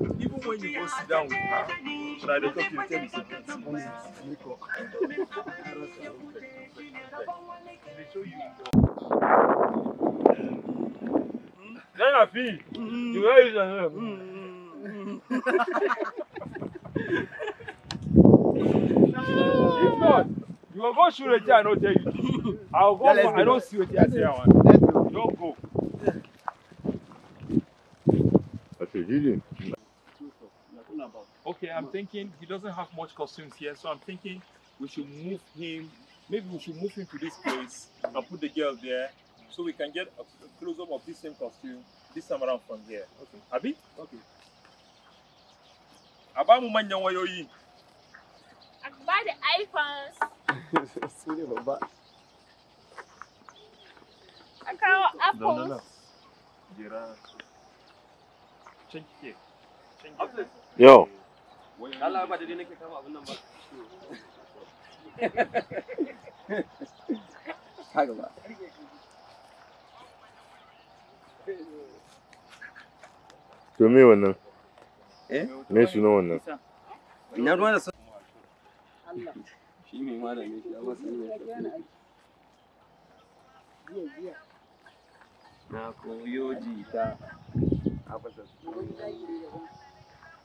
Even when you go sit down with her, when I dey talk to you, tell me you. Hmm? Then I feel hmm. the way you are. Hmm. If not, you go go shoot a chair. I no tell you. I'll go. Yeah, for, I don't see what you say. Don't go. That's a reason. about. Okay, I'm thinking he doesn't have much costumes here, so I'm thinking we should move him. Maybe we should move him to this place and put the girl there so we can get a close up of this same costume this time around from here. Okay. Abi? Okay. Abamu manyan wayoyi. Akba the iPhones. Su ne babba. A No, no, Jira. Can kike. Yo. Allah To me wannan? Eh? Me suna wannan? Ina ruwa da Na koyo jita. Abasa.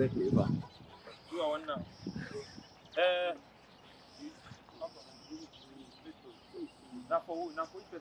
zaki ba zuwa wannan eh, na fa na